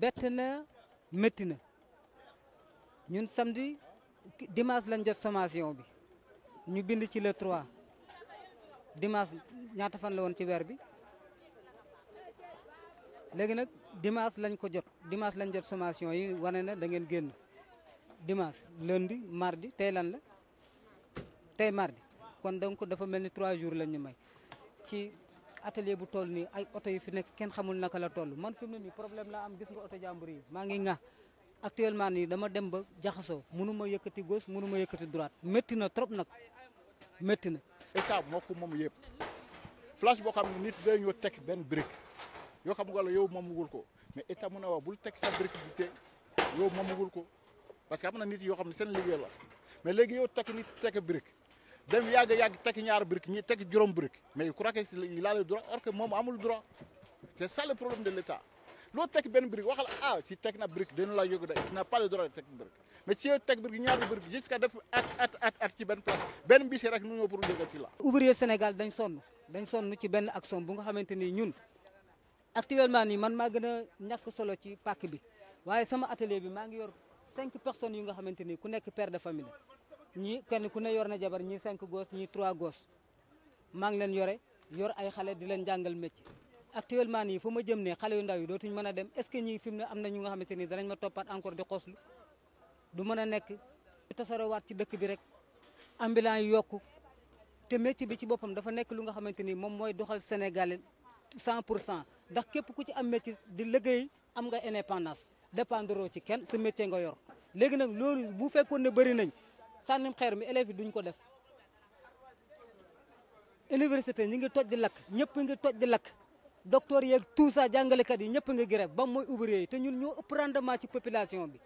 bett na métti na ñun samedi dimanche lañ jot sommation bi ñu bind ci le 3 dimanche ñaata fan la woon ci weer bi léegi nag dimanche lañ ko jot dimanche lañ jot sommation yi wane na da ngeen génn dimanche lundi mardi tey lan la tey mardi kon donc dafa mel ni trois jours lañ ñu may ci. atelier bu toll nii ay oto yu fi nekk kenn xamul naka la toll man fi mu ne nii problème laa am gis nga oto jàmbur yi maa ngi ŋa actuellement nii dama dem ba jaxasoo mënu ma yëkkati gauche mënu ma yëkkati droite metti na trop nag metti na. état moo ko moom yëpp place boo xam ne nit day benn brique yoo xam nga la yow moomagul ko mais état mun a wax bul teg sa brique bu te yow moomagul ko parce que am na nit yoo xam ne seen liggéey la mais léegi yow teg nit teg brique. dem yàgg yàgg tekki ñaar briques ñi tekki juróom briques mais il croit que il a le droit or que moom amul droit c' est le problème de l' loo tekki benn brique waxal ah si tekki na brique dañu la yóbbu de tu n' as pas le droit de tekki brique mais si yow tekki brique ñaari brique jusqu'à def at at ci benn place rek nu ñëw pour jóge ci la. Sénégal dañ sonn dañ sonn ci benn action bu nga xamante ni ñun actuellement nii man maa gën a ñàkk solo ci pàkk bi waaye sama atelier bi maa ngi yor cinq personnes yu nga xamante ni ku nekk père de famille ñii kenn ku ne yor na jabar ñii cinq gos ñii trois gos maa ngi leen yore yor ay xale di leen jàngal métier actuellement nii foo ma jëm ne xale yu ndaw yi dootuñ mën a dem est ce que ñii fi mu ne am na ñu nga xamante ni danañ ma toppaat encore di xoslu du mën a nekk tasarowaat ci dëkk bi rek ambulants yi yokku te métier bi ci boppam dafa nekk lu nga xamante ni moom mooy doxal Sénégal cent pour cent dax képp ku ci am métier di liggéey am nga indépendance dépendre ci kenn sa métier nga léegi nag loolu fekkoon ne bëri nañ sànnim xeer mi élèves yi ñu ko def université ñi ngi toj di lakk ñëpp ngi toj di lakk docteur yeeg tout ça jàngalekat yi ñëpp ngi grève ba mooy ouvrier yi te ñun ñoo ëpp rendement ci population bi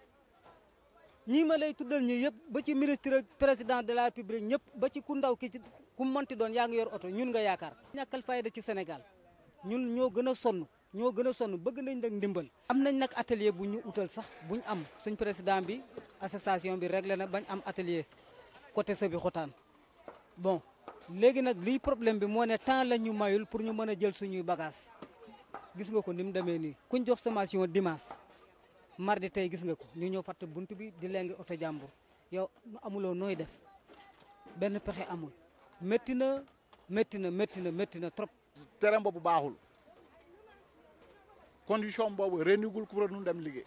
ñii ma lay tuddal ñi yëpp ba ci ministre président de la république ñëpp ba ci ku ndaw ki ci ku mënti doon yaa ngi yor oto ñun nga yaakaar fay fayda ci Sénégal ñun ñoo gën a sonn ñoo gën a sonn bëgg nañ nag ndimbal am nañ nag atelier bu ñu utal sax buñ am suñ président bi association bi réglé na bañ am atelier côté sëbi xotaan bon léegi nag liy problème bi moo ne temps la ñu mayul pour ñu mën a jël suñuy bagage gis nga ko ni mu demee nii kuñ jox sommation dimanche mardi tey gis nga ko ñu ñëw fatt bunt bi di lengi oto jàmbur yow amuloo nooy def benn pexe amul métti na métti na métti na métti na trop terrain boobu baaxul condition boobu renigul ku nu dem liggéey